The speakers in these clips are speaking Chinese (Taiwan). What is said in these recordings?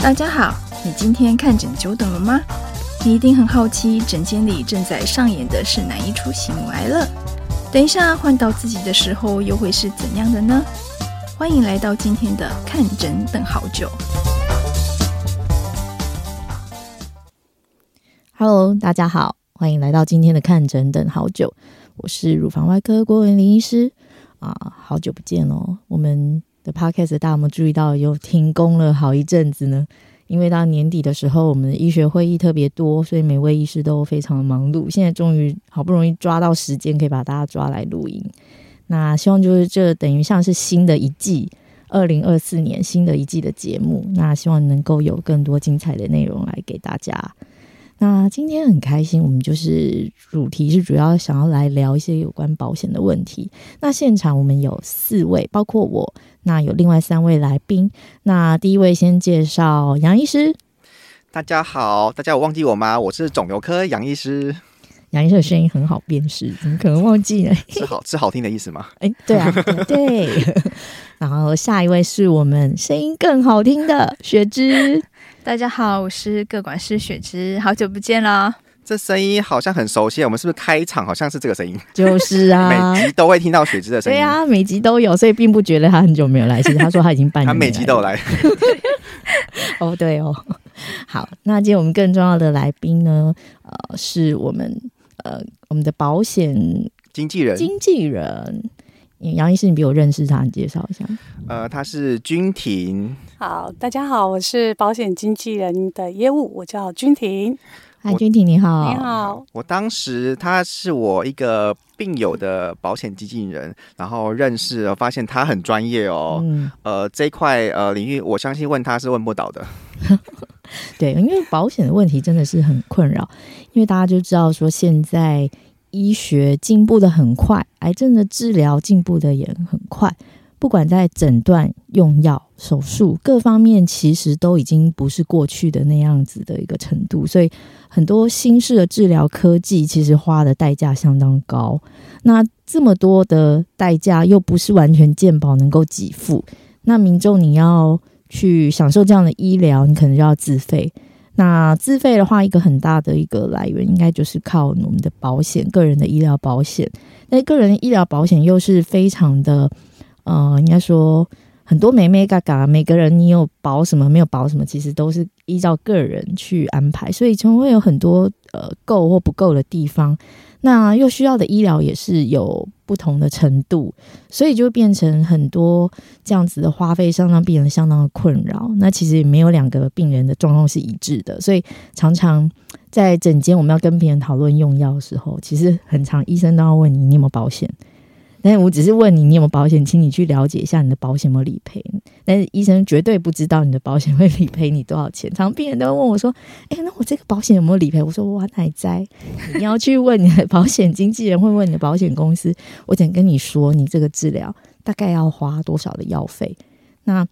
大家好，你今天看診久等了嗎？你一定很好奇，診間裡正在上演的是哪一出喜怒哀樂？等一下換到自己的時候，又會是怎樣的呢？歡迎來到今天的看診等好久。Hello，大家好，歡迎來到今天的看診等好久。我是乳房外科郭玟伶醫師，啊，好久不見哦，我們。Podcast 大家有沒有注意到又停工了好一陣子呢？因為到年底的時候，我們的醫學會議特別多，所以每位醫師都非常的忙碌。現在終於好不容易抓到時間，可以把大家抓來錄音。那希望就是這等於像是新的一季，二零二四年新的一季的節目。那希望能夠有更多精彩的內容來給大家。那今天很開心，我們就是主題是主要想要來聊一些有關保險的問題。那現場我們有四位，包括我，那有另外三位來賓。那第一位先介紹楊醫師，大家好，大家有忘記我嗎？我是腫瘤科楊醫師。楊醫師的聲音很好辨識，怎麼可能忘記呢？ 是好是好聽的意思嗎？誒、 欸，對啊，對。對 然後下一位是我們聲音更好聽的雪芝。大家好，我是個管師雪芝，好久不見了。這聲音好像很熟悉，我們是不是開場好像是這個聲音？就是啊， 每集都會聽到雪芝的聲音。對啊，每集都有，所以並不覺得他很久沒有來。其實他說他已經半年， 他每集都來。哦，對哦，好，那今天我們更重要的來賓呢？呃，是我們呃我們的保險經紀人，經紀人。楊醫師你比我認識他，你介紹一下。呃，他是君婷。好，大家好，我是保險經紀人的業務，我叫君婷。君婷我你好，你好，好。我當時他是我一個病友的保險經紀人，嗯、然後認識了，發現他很專業哦。嗯、呃，這一塊呃領域，我相信問他是問不到的。 對，因為保險的問題真的是很困擾， 因為大家就知道說現在。醫學進步的很快，癌症的治療進步的也很快。不管在診斷、用藥、手術各方面，其實都已經不是過去的那樣子的一個程度。所以，很多新式的治療科技，其實花的代價相當高。那這麼多的代價，又不是完全健保能夠給付。那民眾你要去享受這樣的醫療，你可能就要自費。那自費的話，一個很大的一個來源，應該就是靠我們的保險，個人的醫療保險。那個人的醫療保險又是非常的，呃，應該說很多眉眉角角，每個人你有保什麼，沒有保什麼，其實都是依照個人去安排，所以就會有很多呃夠或不夠的地方。那又需要的醫療也是有不同的程度，所以就變成很多這樣子的花費上，讓病人相當的困擾。那其實也沒有兩個病人的狀況是一致的，所以常常在診間我們要跟病人討論用藥的時候，其實很常醫生都要問你，你有沒有保險。那我只是問你，你有沒有保險，請你去了解一下你的保險有沒有理賠。但是醫生絕對不知道你的保險會理賠你多少錢。常，常病人都會問我說：“哎，那我這個保險有沒有理賠？”我說：“我哪知， 你要去問你的保險經紀人，會問你的保險公司。我想跟你說，你這個治療大概要花多少的藥費。那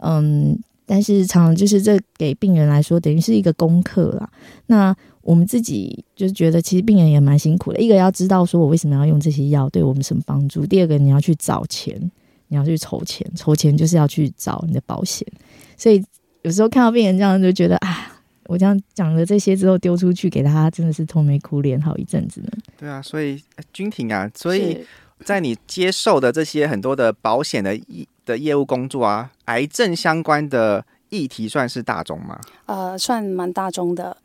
嗯，但是常，常就是這給病人來說，等於是一個功課啦。那。我們自己就是覺得，其實病人也蠻辛苦的。一個要知道，說我為什麼要用這些藥，對我們什麼幫助；第二個，你要去找錢，你要去籌錢，籌錢就是要去找你的保險。所以有時候看到病人這樣，就覺得啊，我這樣講了這些之後丟出去給他，真的是愁眉苦臉好一陣子呢。對啊，所以君婷啊，所以在你接受的這些很多的保險的業的業務工作啊，癌症相關的議題算是大宗嗎？呃，算蠻大宗的。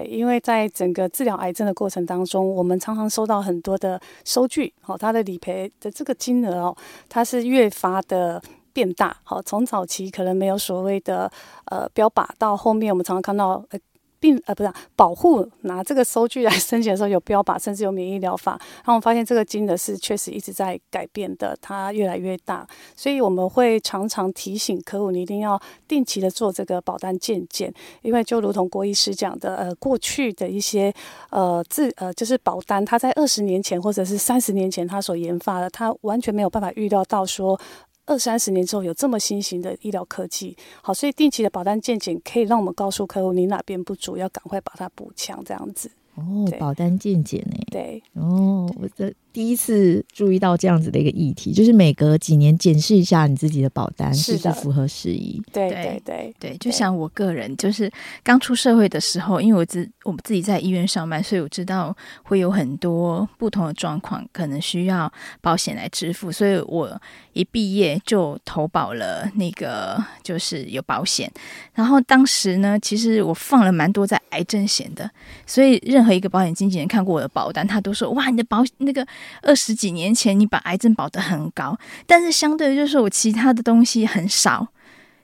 對，因為在整個治療癌症的過程當中，我們常常收到很多的收據，哦，它的理賠的這個金額哦，它是越發的變大，好、哦，從早期可能沒有所謂的呃標靶，到後面我們常常看到。呃並呃不是，啊、保護拿這個收據來申請的時候，有標靶，甚至有免疫療法，然後我發現這個金額是確實一直在改變的，它越來越大，所以我們會常常提醒客戶，你一定要定期的做這個保單健檢，因為就如同郭醫師講的，呃，過去的一些呃自、呃就是保單，它在二十年前或者是三十年前它所研發的，它完全沒有辦法預料到說，二三十年之後有這麼新型的醫療科技，好，所以定期的保單健檢可以讓我們告訴客戶你哪邊不足，要趕快把它補強，這樣子。哦，對保單健檢呢？對。哦，我的。第一次注意到這樣子的一個議題，就是每隔幾年檢視一下你自己的保單，是的，是不是符合時宜？對對對對,對,對,對，就像我個人，就是剛出社會的時候，因為我自我們自己在醫院上班，所以我知道會有很多不同的狀況，可能需要保險來支付，所以我一畢業就投保了那個就是有保險。然後當時呢，其實我放了蠻多在癌症險的，所以任何一個保險經紀人看過我的保單，他都說：哇，你的保那個。二十幾年前，你把癌症保得很高，但是相對就是我其他的東西很少，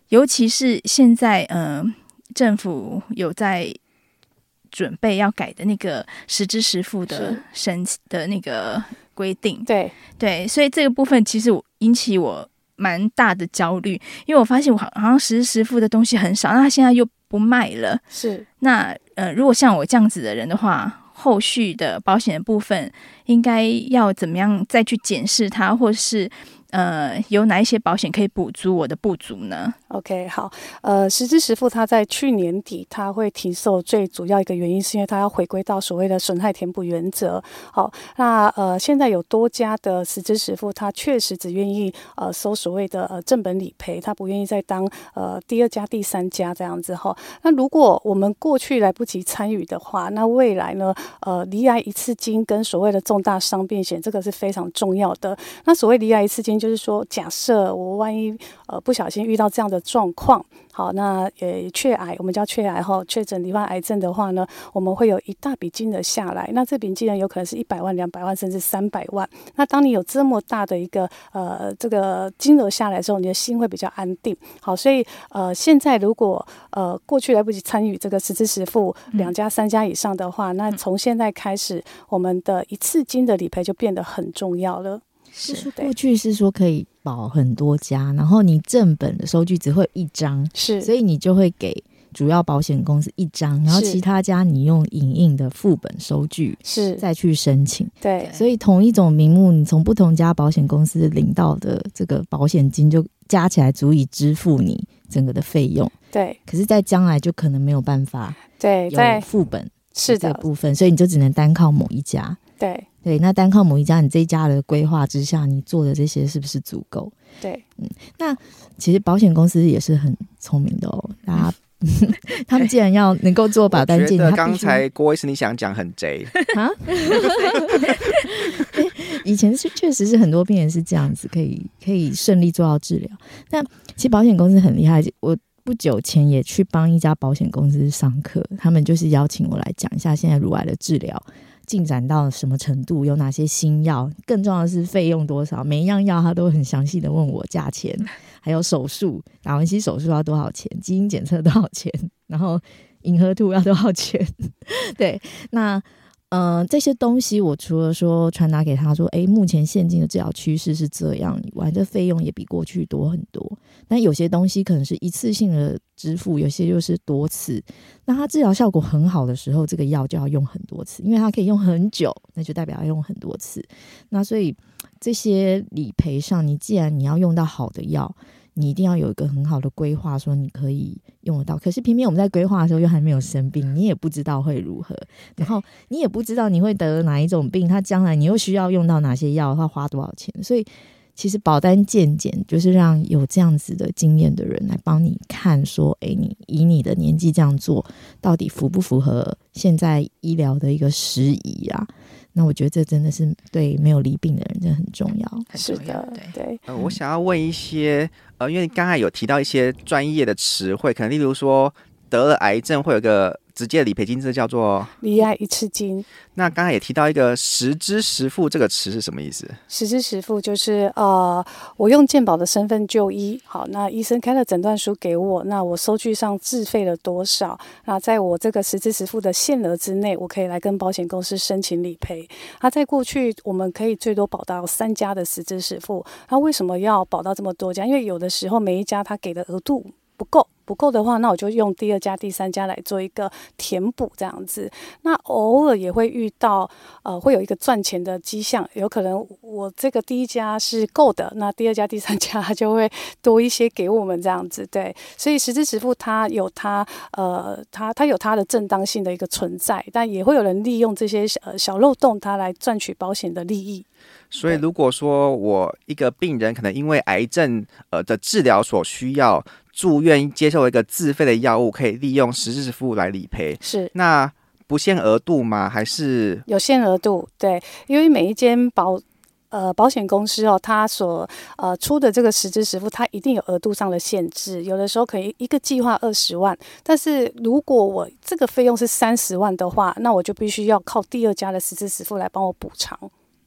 尤其是現在，嗯、呃，政府有在準備要改的那個實支實付的申是的那個規定，對對，所以這個部分其實我引起我蠻大的焦慮，因為我發現我好像實支實付的東西很少，那他現在又不賣了，是那呃，如果像我這樣子的人的話，後續的保險的部分應該要怎麼樣再去檢視它，或是，呃，有哪一些保險可以補足我的不足呢？OK，好，呃，實支實付，他在去年底，他會停售，最主要一個原因是因為他要回歸到所謂的損害填補原則。好，那呃，現在有多家的實支實付，他確實只願意呃收所謂的、呃、正本理賠，他不願意再當呃第二家、第三家這樣子哈、哦。那如果我們過去來不及參與的話，那未來呢？呃，罹癌一次金跟所謂的重大傷病險，這個是非常重要的。那所謂罹癌一次金，就是說，假設我萬一呃不小心遇到這樣的。狀況好，那也確癌，我們叫確癌後。後確診罹患癌症的話呢，我們會有一大筆金額下來。那這筆金額有可能是一百萬、兩百萬，甚至三百萬。那當你有這麼大的一個呃這個金額下來之後，你的心會比較安定。好，所以呃，現在如果呃過去來不及參與這個實支實付兩家三家以上的話，那從現在開始，我們的一次金的理賠就變得很重要了。是，對，就是說，過去是說可以保很多家，然後你正本的收據只會有一張，是，所以你就會給主要保險公司一張，然後其他家你用影印的副本收據是再去申請。對，所以同一種名目，你從不同家保險公司領到的這個保險金就加起來足以支付你整個的費用。對，可是，在將來就可能沒有辦法，對，有副本是這個部分，所以你就只能單靠某一家。對對，那單靠某一家，你這一家的規劃之下，你做的這些是不是足夠？對，嗯，那其實保險公司也是很聰明的哦。那他們既然要能夠做保單， 覺得剛才郭醫生你想講很賊哈。以前是確實是很多病人是這樣子，可以可以順利做到治療。但其實保險公司很厲害，我不久前也去幫一家保險公司上課，他們就是邀請我來講一下現在乳癌的治療。進展到什麼程度？有哪些新藥？更重要的是費用多少？每一樣藥他都很詳細的問我價錢，還有手術，達文西手術要多少錢？基因檢測多少錢？然後銀河兔要多少錢？ 對，那。嗯、呃，這些東西我除了說傳達給他說，誒，目前現今的治療趨勢是這樣以外，這費用也比過去多很多。但有些東西可能是一次性的支付，有些又是多次。那它治療效果很好的時候，這個藥就要用很多次，因為它可以用很久，那就代表要用很多次。那所以這些理賠上，你既然你要用到好的藥。你一定要有一個很好的規劃，說你可以用得到。可是偏偏我們在規劃的時候，又還沒有生病，你也不知道會如何，然後你也不知道你會得哪一種病，它將來你又需要用到哪些藥，要花多少錢，所以。其實保單健檢就是讓有這樣子的經驗的人來幫你看，說，哎，你以你的年紀這樣做，到底符不符合現在醫療的一個時宜啊？那我覺得這真的是對沒有罹病的人真的很重要。是的，對。對，呃，我想要問一些，呃，因為剛才有提到一些專業的詞彙，可能例如說得了癌症會有個。直接理賠金這叫做罹癌一次金。那剛才也提到一個“實支實付”這個詞是什麼意思？實支實付就是呃，我用健保的身份就醫，好，那醫生開了診斷書給我，那我收據上自費了多少？那在我這個實支實付的限額之內，我可以來跟保險公司申請理賠。那，啊，在過去我們可以最多保到三家的實支實付。那，啊，為什麼要保到這麼多家？因為有的時候每一家他給的額度。不夠，不夠的話，那我就用第二家、第三家來做一個填補，這樣子。那偶爾也會遇到，呃，會有一個賺錢的跡象，有可能我這個第一家是夠的，那第二家、第三家就會多一些給我們這樣子。對，所以實支實付它有它，呃，它，它有它的正當性的一個存在，但也會有人利用這些呃小，小漏洞，它來賺取保險的利益。所以如果說我一個病人可能因為癌症呃的治療所需要，住院接受一個自費的藥物，可以利用實支實付來理賠。是，那不限額度嗎？還是有限額度？對，因為每一間保呃保險公司哦，它所呃出的這個實支實付，它一定有額度上的限制。有的時候可以一個計劃二十萬，但是如果我這個費用是三十萬的話，那我就必須要靠第二家的實支實付來幫我補償。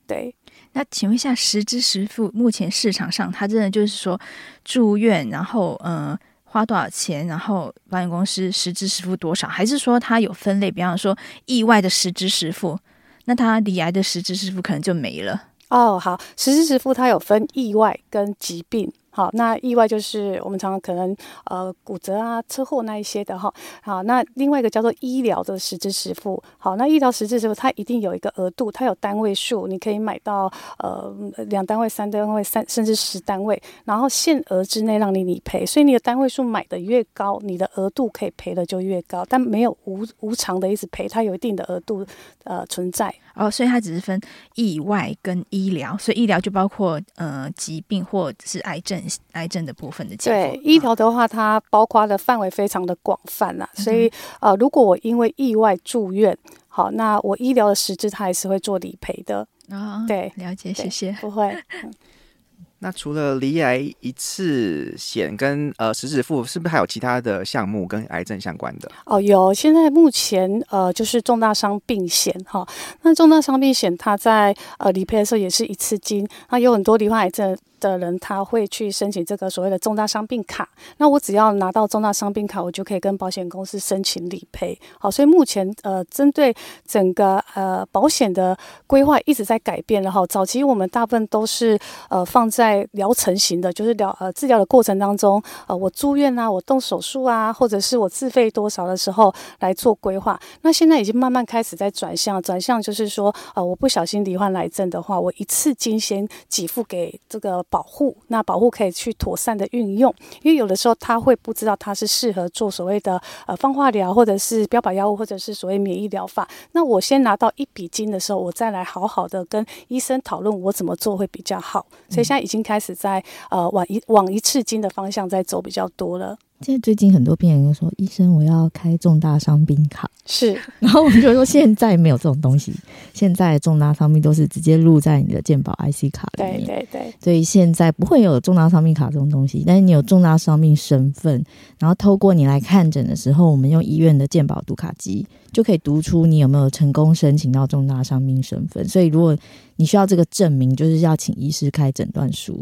對。那請問一下，實支實付目前市場上，它真的就是說住院然後嗯、呃、花多少錢，然後保險公司實支實付多少，還是說它有分類？比方說意外的實支實付，那它罹癌的實支實付可能就沒了。哦，好，實支實付它有分意外跟疾病。好，那意外就是我們常常可能呃骨折啊、車禍那一些的哈。好，那另外一個叫做醫療的實支實付。好，那醫療實支實付它一定有一個額度，它有單位數，你可以買到呃兩單位、三單位、三甚至十單位，然後限額之內讓你理賠。所以你的單位數買的越高，你的額度可以賠的就越高，但沒有無無償的一直賠，它有一定的額度呃存在。哦，所以它只是分意外跟醫療，所以醫療就包括呃疾病或者是癌症。癌症的部分的，對、哦、醫療的話，它包括它的範圍非常的廣泛啦，嗯、哼所以呃，如果我因為意外住院，好，那我醫療的實支它還是會做理賠的啊，哦、對，了解。對對謝謝，不會。嗯、 那除了罹癌一次險跟呃實支付，是不是還有其他的項目跟癌症相關的？哦，有，現在目前呃就是重大傷病險哈、哦，那重大傷病險它在呃理賠的時候也是一次金，它有很多罹患癌症的人，他會去申請這個所謂的重大傷病卡，那我只要拿到重大傷病卡，我就可以跟保險公司申請理賠。好，所以目前呃，針對整個呃保險的規劃一直在改變了哈。早期我們大部分都是呃放在療程型的，就是療呃治療的過程當中，呃我住院啊，我動手術啊，或者是我自費多少的時候來做規劃。那現在已經慢慢開始在轉向，轉向就是說，呃，我不小心罹患癌症的話，我一次金先給付給這個。保護，那保護可以去妥善的運用，因為有的時候他會不知道他是適合做所謂的呃放化療，或者是標靶藥物，或者是所謂免疫療法。那我先拿到一筆金的時候，我再來好好的跟醫生討論我怎麼做會比較好。所以現在已經開始在呃往一往一次金的方向在走比較多了。現在最近很多病人都說：“醫生，我要開重大傷病卡。”是，然後我們就說：“現在沒有這種東西，現在重大傷病都是直接錄在你的健保 IC 卡裡面。”對對對，所以現在不會有重大傷病卡這種東西，但是你有重大傷病身份，然後透過你來看診的時候，我們用醫院的健保讀卡機就可以讀出你有沒有成功申請到重大傷病身份。所以如果你需要這個證明，就是要請醫師開診斷書。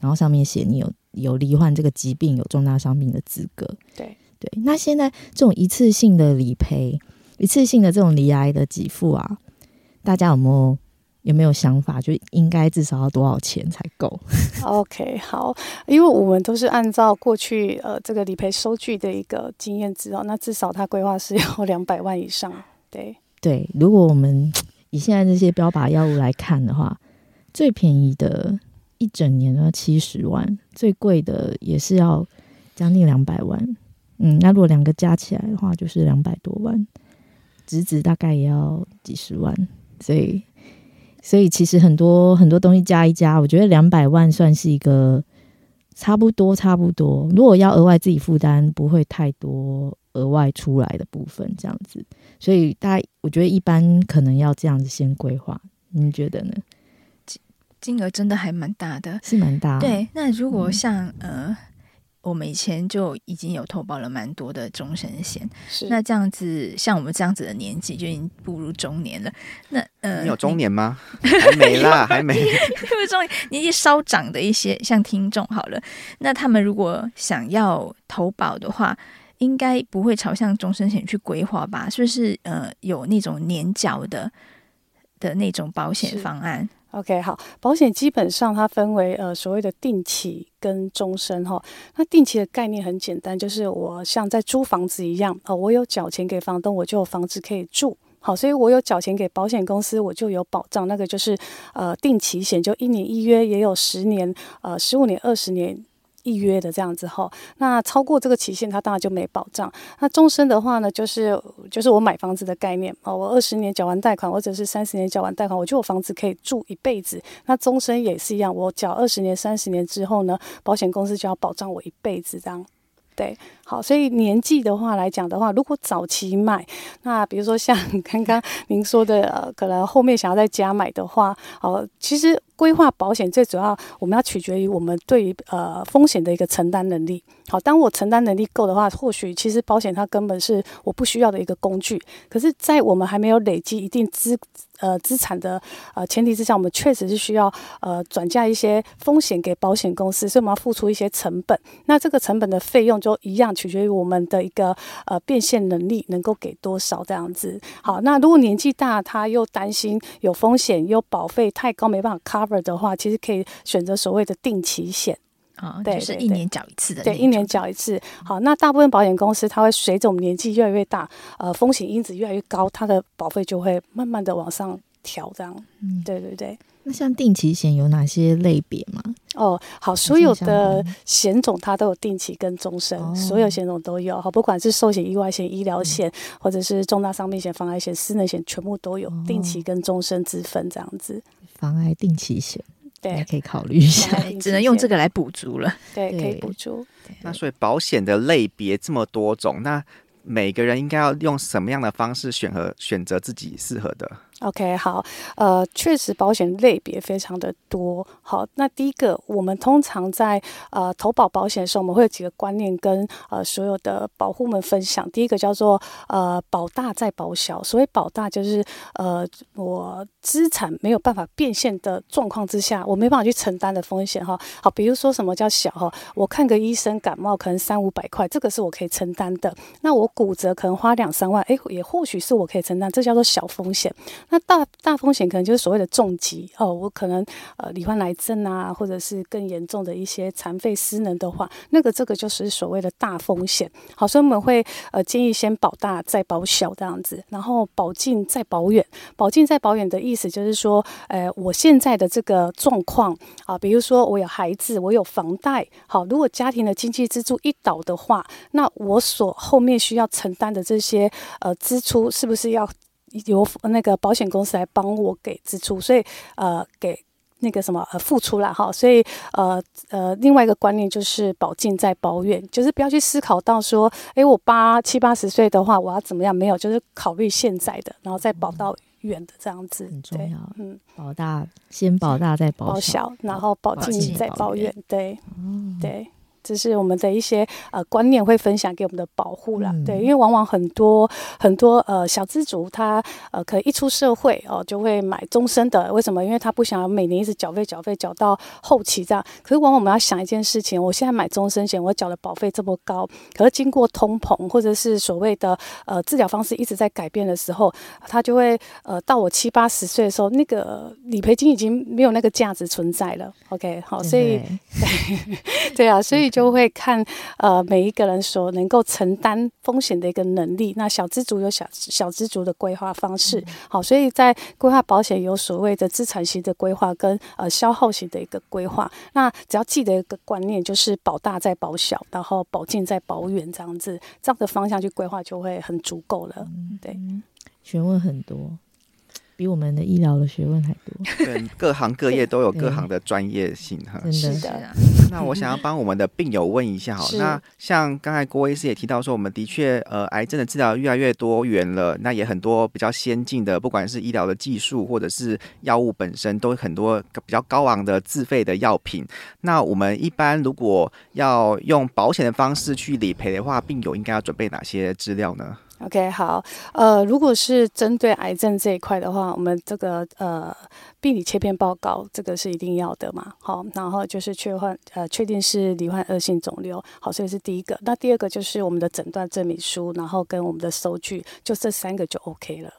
然後上面寫你有有罹患這個疾病，有重大傷病的資格。對對，那現在這種一次性的理賠，一次性的這種罹癌的給付啊，大家有沒有有沒有想法？就應該至少要多少錢才夠？OK，好，因為我們都是按照過去呃這個理賠收據的一個經驗之後，那至少他規劃是要兩百萬以上。對對，如果我們以現在這些標靶藥物來看的話， 最便宜的。一整年呢，七十萬，最貴的也是要將近兩百萬。嗯，那如果兩個加起來的話，就是兩百多萬，質子大概也要幾十萬。所以，所以其實很多很多東西加一加，我覺得兩百萬算是一個差不多差不多。如果要額外自己負擔，不會太多額外出來的部分這樣子。所以，大概我覺得一般可能要這樣子先規劃，你覺得呢？金額真的還蠻大的，是蠻大啊。對，那如果像、嗯、呃，我們以前就已經有投保了蠻多的終身險，是那這樣子像我們這樣子的年紀，就已經步入中年了。那呃，你有中年嗎？你還沒啦， 還沒。因為中年紀稍長的一些像聽眾好了，那他們如果想要投保的話，應該不會朝向終身險去規劃吧？是不是呃，有那種年繳的的那種保險方案？OK，好，保險基本上它分為呃所謂的定期跟終身哈。那定期的概念很簡單，就是我像在租房子一樣啊、呃，我有繳錢給房東，我就有房子可以住。好，所以我有繳錢給保險公司，我就有保障。那個就是呃定期險，就一年一約，也有十年、呃十五年、二十年。預約的這樣子齁，那超過這個期限，它當然就沒保障。那終身的話呢，就是就是我買房子的概念啊，我二十年繳完貸款，或者是三十年繳完貸款，我就有房子可以住一輩子。那終身也是一樣，我繳二十年、三十年之後呢，保險公司就要保障我一輩子，這樣。對，好，所以年紀的話來講的話，如果早期買，那比如說像剛剛您說的，呃、可能後面想要再加買的話，哦、呃，其實規劃保險最主要我們要取決於我們對於呃風險的一個承擔能力。好，當我承擔能力夠的話，或許其實保險它根本是我不需要的一個工具。可是，在我們還沒有累積一定資。呃，資產的呃前提之下，我們確實是需要呃轉嫁一些風險給保險公司，所以我們要付出一些成本。那這個成本的費用就一樣取決於我們的一個呃變現能力能夠給多少這樣子。好，那如果年紀大，他又擔心有風險，又保費太高沒辦法 cover 的話，其實可以選擇所謂的定期險。啊，哦、對，對，對，是一年繳一次的，一的。對，一年繳一次。嗯、好，那大部分保險公司它會隨着我們年紀越來越大，呃，風險因子越來越高，它的保費就會慢慢的往上調。這樣，嗯、對對對。那像定期險有哪些類別嗎？哦，好，所有的險種它都有定期跟終身，嗯、所有險種都有。好，不管是壽險、意外險、醫療險，嗯、或者是重大傷病險、防癌險、失能險，全部都有定期跟終身之分，這樣子。防癌定期險。大家可以考慮一下，只能用這個來補足了。對，可以補足。那所以保險的類別這麼多種，那每個人應該要用什麼樣的方式選擇，選擇自己適合的？OK，好，呃，確實保險類別非常的多。好，那第一個，我們通常在呃投保保險的時候，我們會有幾個觀念跟呃所有的保戶們分享。第一個叫做呃保大再保小。所謂保大，就是呃我資產沒有辦法變現的狀況之下，我沒辦法去承擔的風險哈。好，比如說什麼叫小哈？我看個醫生感冒可能三五百塊，這個是我可以承擔的。那我骨折可能花兩三萬，哎、欸，也或許是我可以承擔，這叫做小風險。那大大風險可能就是所謂的重疾哦，我可能呃罹患癌症啊，或者是更嚴重的一些殘廢失能的話，那個這個就是所謂的大風險。好，所以我們會呃建議先保大再保小這樣子，然後保近再保遠。保近再保遠的意思就是說，呃，我現在的這個狀況啊，比如說我有孩子，我有房貸，好，如果家庭的經濟支柱一倒的話，那我所後面需要承擔的這些呃支出是不是要？由那個保險公司來幫我給支出，所以呃給那個什麼呃付出來哈，所以呃呃另外一個觀念就是保近再保遠，就是不要去思考到說，哎、欸，我八七八十歲的話我要怎麼樣，沒有就是考慮現在的，然後再保到遠的這樣子。嗯、很重要，對，嗯，保大先保大再保小，然後保近再保遠，保遠對，嗯、對。就是我們的一些呃觀念會分享給我們的保戶啦，嗯、對，因為往往很多很多呃小資族他呃可能一出社會哦、呃、就會買終身的，為什麼？因為他不想要每年一直繳費繳費繳到後期這樣。可是往往我們要想一件事情，我現在買終身險，我繳的保費這麼高，可是經過通膨或者是所謂的呃治療方式一直在改變的時候，呃、他就會呃到我七八十歲的時候，那個理賠金已經沒有那個價值存在了。OK，好、哦，所以、嗯、嘿 對啊，所以、嗯。就會看，呃，每一個人所能夠承擔風險的一個能力。那小資族有小小資族的規劃方式，嗯、好，所以在規劃保險有所謂的資產型的規劃跟呃消耗型的一個規劃。那只要記得一個觀念，就是保大再保小，然後保近再保遠，這樣子，這樣的方向去規劃就會很足夠了。嗯、對，學問很多。比我們的醫療的學問還多， 對，各行各業都有各行的專業性哈，對呵真的。那我想要幫我們的病友問一下，好 是，那像剛才郭醫師也提到說，我們的確，呃，癌症的治療越來越多元了，那也很多比較先進的，不管是醫療的技術或者是藥物本身，都很多比較高昂的自費的藥品。那我們一般如果要用保險的方式去理賠的話，病友應該要準備哪些資料呢？OK，好，呃，如果是針對癌症這一塊的話，我們這個呃病理切片報告，這個是一定要的嘛。好、哦，然後就是確診，呃，確定是罹患惡性腫瘤，好，所以是第一個。那第二個就是我們的診斷證明書，然後跟我們的收據，就這三個就 OK 了。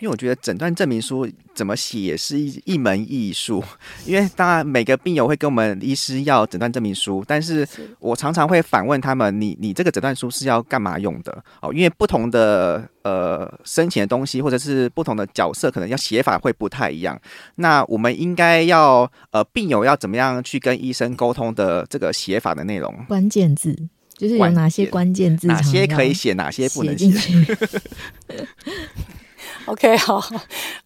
因為我覺得診斷證明書怎麼寫也是一一門藝術。因為當然每個病友會跟我們醫師要診斷證明書，但是我常常會反問他們：“你你這個診斷書是要幹嘛用的？”哦，因為不同的呃申請的東西，或者是不同的角色，可能要寫法會不太一樣。那我們應該要呃病友要怎麼樣去跟醫生溝通的這個寫法的內容？關鍵字就是有哪些關鍵字，哪些可以寫，哪些不能寫 OK，好，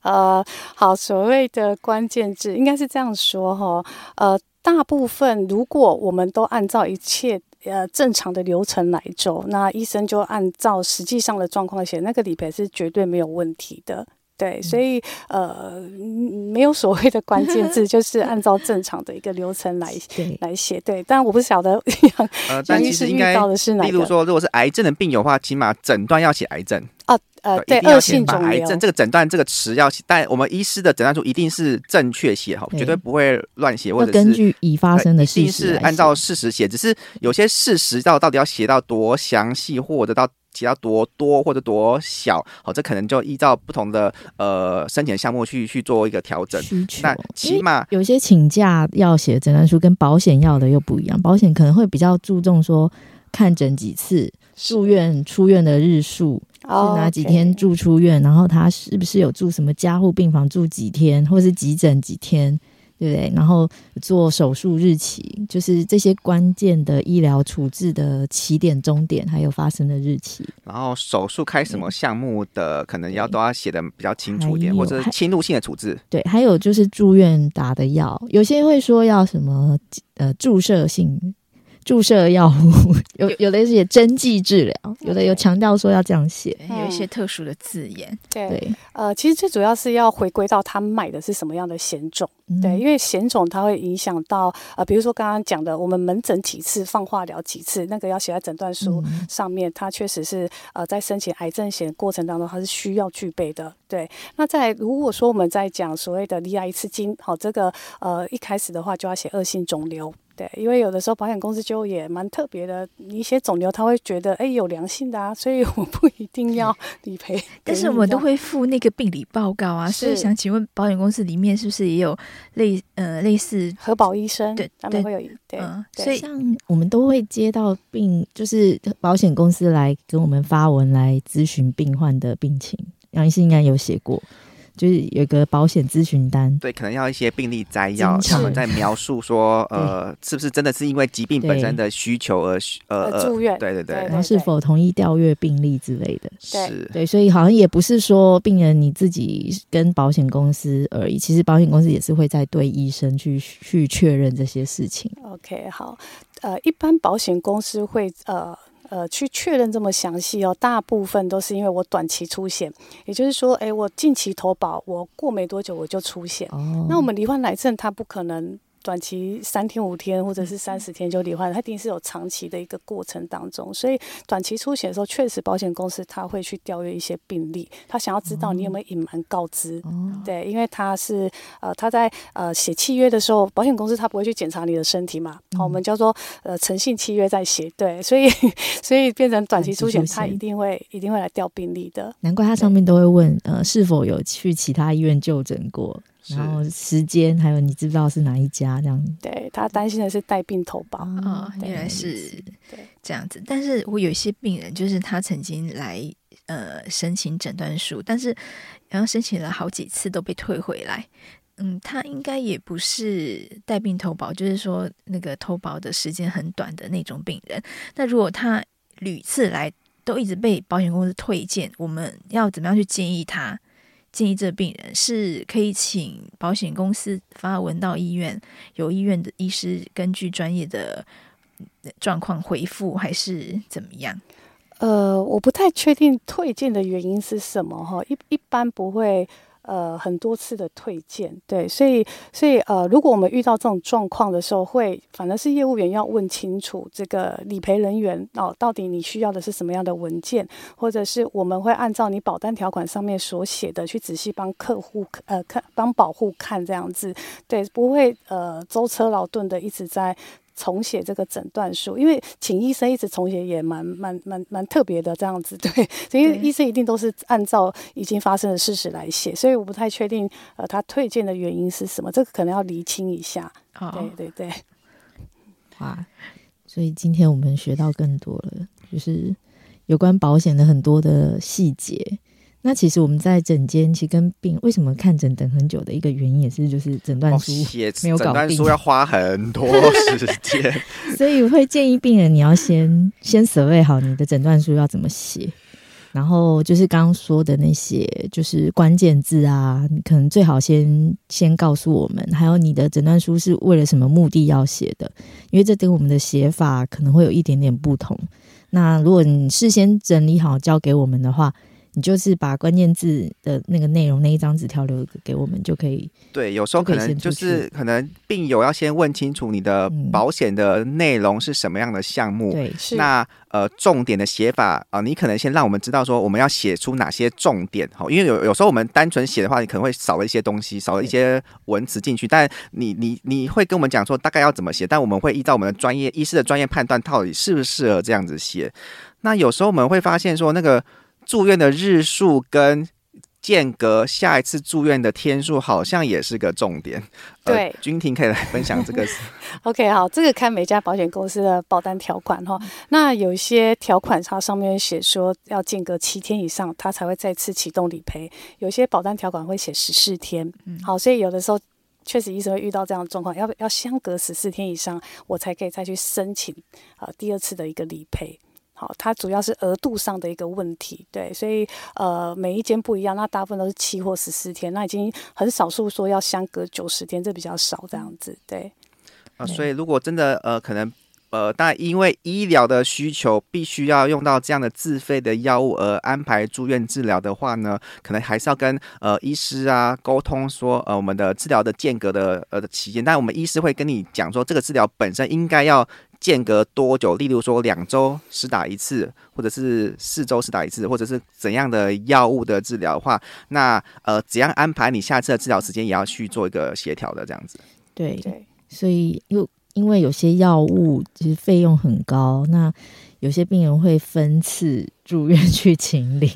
呃，好，所謂的關鍵字應該是這樣說哈，呃，大部分如果我們都按照一切呃正常的流程來走，那醫生就按照實際上的狀況寫，那個理賠是絕對沒有問題的。對，所以呃，沒有所謂的關鍵字， 就是按照正常的一個流程來 對來寫。對，但我不曉得 呃，但其實應該，例如說，如果是癌症的病友的話，起碼診，診斷要寫癌症。哦、啊，呃，對，惡性腫瘤。癌症這個診斷這個詞、這個這個這個、要寫，但我們醫師的診斷書一定是正確寫，哈，絕對不會亂寫，對或者是根據已發生的事實，一定是按照事實寫。只是有些事實到到底要寫到多詳細，或者到。其他多多或者多小，好，這可能就依照不同的呃申請項目去去做一個調整。但、哦、起碼有些請假要寫診斷書，跟保險要的又不一樣。保險可能會比較注重說看診幾次、住院出院的日數是，是哪幾天住出院，oh, okay. 然後他是不是有住什麼加護病房住幾天，或是急診幾天。對不對？然後做手術日期，就是這些關鍵的醫療處置的起點、終點，還有發生的日期。然後手術開什麼項目的，嗯、可能要都要寫得比較清楚一點，嗯、或者是侵入性的處置。對，還有就是住院打的藥，有些會說要什麼呃注射性。注射藥物有有，有的寫針劑治療，有的有強調說要這樣寫，okay.，有一些特殊的字眼。嗯、對，對呃，其實最主要是要回歸到他買的是什麼樣的險種，嗯、對，因為險種它會影響到呃，比如說剛剛講的我們門診幾次放化療幾次，那個要寫在診斷書上面，嗯、它確實是呃在申請癌症險的過程當中它是需要具備的。對，那在如果說我們在講所謂的罹癌一次金，好、哦，這個呃一開始的話就要寫惡性腫瘤。對，因為有的時候保險公司就也蠻特別的，你寫腫瘤，他會覺得哎有良性的啊，所以我不一定要理賠。但是我們都會附那個病理報告啊，是所以想請問保險公司裡面是不是也有類呃類似核保醫生？對，他們會有對，所以像我們都會接到病，就是保險公司來跟我們發文來諮詢病患的病情。楊醫生應該有寫過。就是有個保險諮詢單，對，可能要一些病歷摘要，他們是在描述說， 對呃，是不是真的是因為疾病本身的需求而對呃住院，對對對，然後是否同意調閱病歷之類的，是，對，對，所以好像也不是說病人你自己跟保險公司而已，其實保險公司也是會在對醫生去去確認這些事情。OK，好，呃，一般保險公司會呃。呃，去確認這麼詳細哦，大部分都是因為我短期出險，也就是說，誒、欸，我近期投保，我過沒多久我就出險。Oh. 那我們罹患癌症，它不可能。短期三天五天或者是三十天就罹患了，嗯、它一定是有長期的一個過程當中，所以短期出險的時候，確實保險公司他會去調閱一些病例，他想要知道你有沒有隱瞞告知，哦、對，因為他是呃他在呃寫契約的時候，保險公司他不會去檢查你的身體嘛，好、嗯哦，我們叫做呃誠信契約在寫，對，所以所以變成短期出險，他一定會一定會來調病例的。難怪他上面都會問對呃是否有去其他醫院就診過。然後時間是還有你知不知道是哪一家這樣？對，他擔心的是帶病投保啊。嗯嗯哦，原來是這樣子。對但是我有一些病人就是他曾經來呃申請診斷書，但是然後申請了好幾次都被退回來。嗯，他應該也不是帶病投保，就是說那個投保的時間很短的那種病人。那如果他屢次來都一直被保險公司退件，我們要怎麼樣去建議他？建議這病人是可以請保險公司發文到醫院，由醫院的醫師根據專業的狀況回復，還是怎麼樣？呃，我不太確定退件的原因是什麼哈，一一般不會。呃，很多次的退件，對，所以，所以，呃，如果我們遇到這種狀況的時候，會反正是業務員要問清楚這個理賠人員哦、呃，到底你需要的是什麼樣的文件，或者是我們會按照你保單條款上面所寫的去仔細幫客戶呃看，幫保護看這樣子，對，不會呃舟車勞頓的一直在。重寫這個診斷書，因為請醫生一直重寫也蠻蠻蠻蠻特別的這樣子，對，對因為醫生一定都是按照已經發生的事實來寫，所以我不太確定呃他退件的原因是什麼，這個可能要釐清一下。哦、對對對，哇，所以今天我們學到更多了，就是有關保險的很多的細節。那其實我們在診間，其實跟病為什麼看診等很久的一個原因，也是就是診斷書沒有搞定，喔，診斷書要花很多時間， 所以會建議病人你要先先準備好你的診斷書要怎麼寫，然後就是剛剛說的那些就是關鍵字啊，你可能最好先先告訴我們，還有你的診斷書是為了什麼目的要寫的，因為這跟我們的寫法可能會有一點點不同。那如果你事先整理好交給我們的話。你就是把關鍵字的那個內容那一張紙條留給我們就可以。對，有時候可能就是可能病友要先問清楚你的保險的內容是什麼樣的項目。嗯。對，是那呃重點的寫法啊、呃，你可能先讓我們知道說我們要寫出哪些重點好，因為有有時候我們單純寫的話，你可能會少了一些東西，少了一些文字進去。對對對。但你你你會跟我們講說大概要怎麼寫，但我們會依照我們的專業醫師的專業判斷，到底適不適合這樣子寫。那有時候我們會發現說那個。住院的日數跟間隔，下一次住院的天數好像也是個重點。對，呃、君婷可以來分享這個。 OK，好，這個看每家保險公司的保單條款哈、哦。那有些條款它上面寫說要間隔七天以上，它才會再次啟動理賠；有些保單條款會寫十四天。嗯，好，所以有的時候確實醫生會遇到這樣的狀況，要要相隔十四天以上，我才可以再去申請、呃、第二次的一個理賠。好，它主要是額度上的一個問題，對，所以呃，每一間不一樣，那大部分都是七或十四天，那已經很少數說要相隔九十天，這比較少這樣子，對。啊，所以如果真的呃可能呃，但因為醫療的需求必須要用到這樣的自費的藥物而安排住院治療的話呢，可能還是要跟呃醫師啊溝通說，呃我們的治療的間隔的呃的期間，但我們醫師會跟你講說，這個治療本身應該要間隔多久？例如說，兩週施打一次，或者是四週施打一次，或者是怎樣的藥物的治療的話，那呃怎樣安排你下次的治療時間，也要去做一個協調的這樣子。對，對。所以又因為有些藥物其實費用很高，那有些病人會分次住院去請領。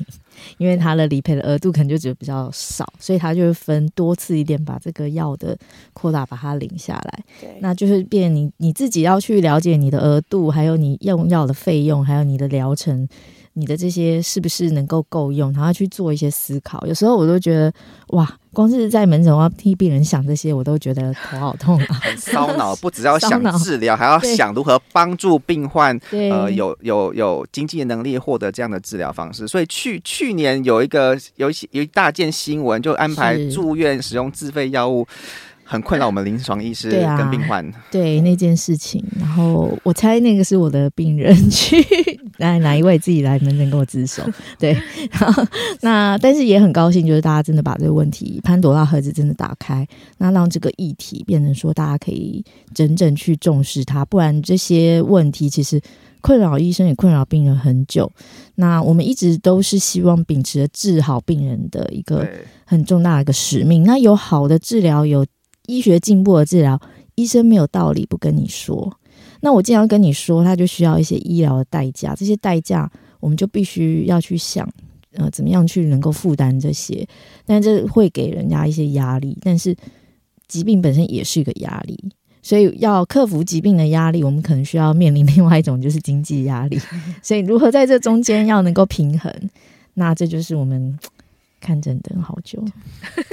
因為他的理賠的額度可能就只有比較少，所以他就分多次一點把這個藥的擴大把它領下來。對，那就是變，你你自己要去了解你的額度，還有你用藥的費用，還有你的療程。你的這些是不是能夠夠用？然後去做一些思考。有時候我都覺得，哇，光是在門診我要替病人想這些，我都覺得頭好痛，啊，很燒腦。不只要想治療，還要想如何幫助病患，對呃，有有有經濟能力獲得這樣的治療方式。所以去去年有一個有一有一大件新聞，就安排住院是使用自費藥物，很困擾我們臨床醫師跟病患。對啊，對，那件事情，然後我猜那個是我的病人去。 來哪一位自己來門診給我自首？ 對，那但是也很高興，就是大家真的把這個問題潘朵拉盒子真的打開，那讓這個議題變成說大家可以真正去重視它。不然這些問題其實困擾醫生也困擾病人很久。那我們一直都是希望秉持着治好病人的一個很重大的一個使命。那有好的治療，有醫學進步的治療，醫生沒有道理不跟你說。那我經常跟你說，他就需要一些醫療的代價，這些代價我們就必須要去想，呃，怎麼樣去能夠負擔這些，但這會給人家一些壓力。但是疾病本身也是一個壓力，所以要克服疾病的壓力，我們可能需要面臨另外一種就是經濟壓力。所以如何在這中間要能夠平衡，那這就是我們。看診等好久，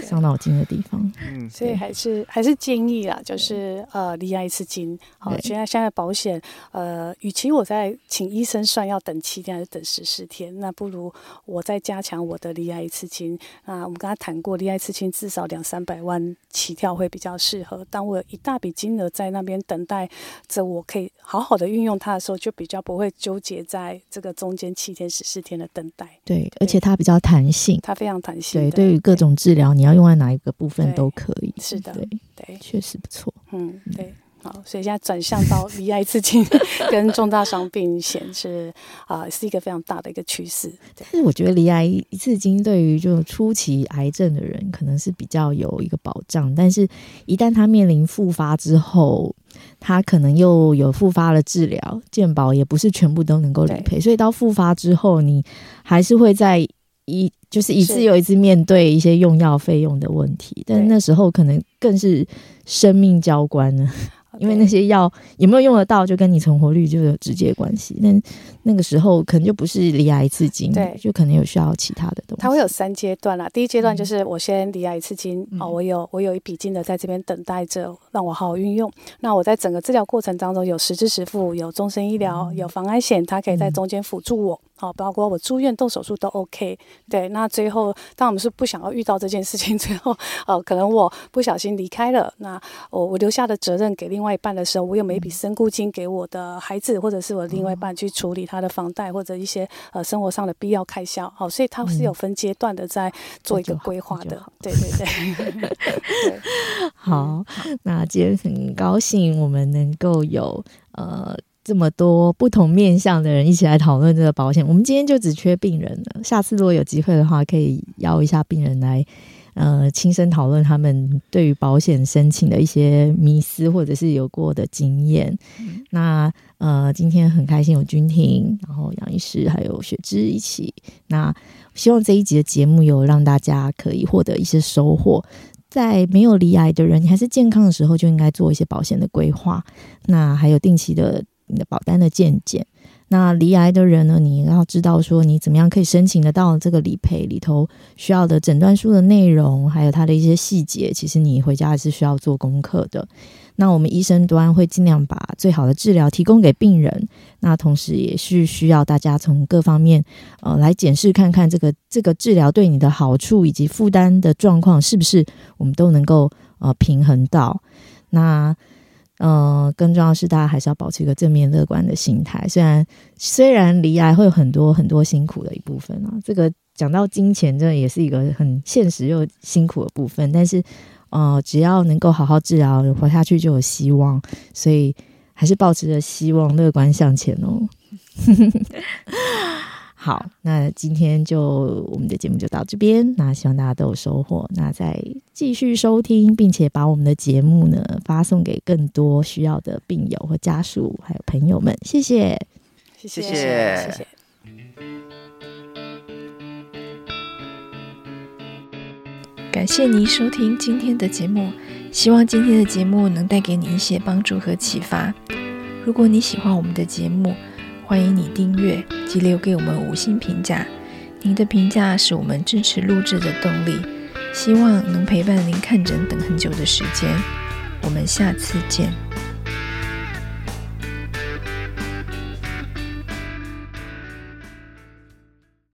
傷腦筋的地方。嗯， 所以還是還是建議啦，就是對呃，罹癌一次金。好，啊，現在對現在保險，呃，與其我在請醫生算要等七天還是等十四天，那不如我再加強我的罹癌一次金。啊，我們剛才談過，罹癌一次金至少兩三百萬起跳會比較適合。當我有一大筆金額在那邊等待着，我可以好好的運用它的時候，就比較不會糾結在這個中間七天十四天的等待。對，對而且它比較彈性，它非常。對，對於各種治療，對你要用在哪一個部分都可以。對對是的，對對，確對實不錯。嗯，對。好，所以現在轉向到離癌次金跟重大傷病險，是啊，是一個非常大的一個趨勢。對但是我覺得離癌一次金對於就初期癌症的人可能是比較有一個保障，但是一旦他面臨復發之後，他可能又有復發的治療，健保也不是全部都能夠理賠，對所以到復發之後，你還是會在一。就是一次又一次面對一些用藥費用的問題，但那時候可能更是生命交關呢，Okay 因為那些藥有沒有用得到，就跟你存活率就有直接關係。但那個時候可能就不是罹癌一次金，對就可能有需要其他的東西。它會有三階段啦，第一階段就是我先罹癌一次金，嗯、哦，我有我有一筆金的在這邊等待着，讓我好好運用。那我在整個治療過程當中有實支實付，有終身醫療，嗯、有防癌險，它可以在中間輔助我。嗯好，包括我住院動手術都 OK。對，那最後，當我們是不想要遇到這件事情，最後，哦、呃，可能我不小心離開了，那我我留下的責任給另外一半的時候，我有沒有一筆身故金給我的孩子，或者是我另外一半去處理他的房貸或者一些、哦、呃生活上的必要開銷。好、呃，所以他是有分階段的在做一個規劃的。嗯嗯、對對對，對， 對。好，那今天很高興我們能夠有呃。這麼多不同面向的人一起來討論這個保險，我們今天就只缺病人了。下次如果有機會的話，可以邀一下病人來，呃，親身討論他們對於保險申請的一些迷思，或者是有過的經驗。嗯、那呃，今天很開心有君婷，然後楊醫師，還有雪芝一起。那希望這一集的節目有讓大家可以獲得一些收穫。在沒有罹癌的人，你還是健康的時候，就應該做一些保險的規劃。那還有定期的。你的保單的健檢。那罹癌的人呢？你要知道說你怎麼樣可以申請得到這個理賠裡頭需要的診斷書的內容，還有它的一些細節。其實你回家也是需要做功課的。那我們醫生端會盡量把最好的治療提供給病人，那同時也是需要大家從各方面呃來檢視看看這個這個治療對你的好處以及負擔的狀況是不是我們都能夠呃平衡到那。呃，更重要的是大家還是要保持一個正面樂觀的心態。雖然雖然罹癌會有很多很多辛苦的一部分啊，這個講到金錢，這也是一個很現實又辛苦的部分。但是，嗯、呃，只要能夠好好治療，活下去就有希望。所以，還是抱持著希望，樂觀向前哦。 好，那今天就我們的節目就到這邊。那希望大家都有收穫。那再繼續收聽，並且把我們的節目呢發送給更多需要的病友和家屬，還有朋友們。謝謝，謝謝，謝謝，謝謝。感謝您收聽今天的節目，希望今天的節目能帶給你一些幫助和啟發。如果你喜歡我們的節目，歡迎你訂閱及留給我們五星評價，您的評價是我們支持錄制的動力。希望能陪伴您看診等很久的時間，我們下次見。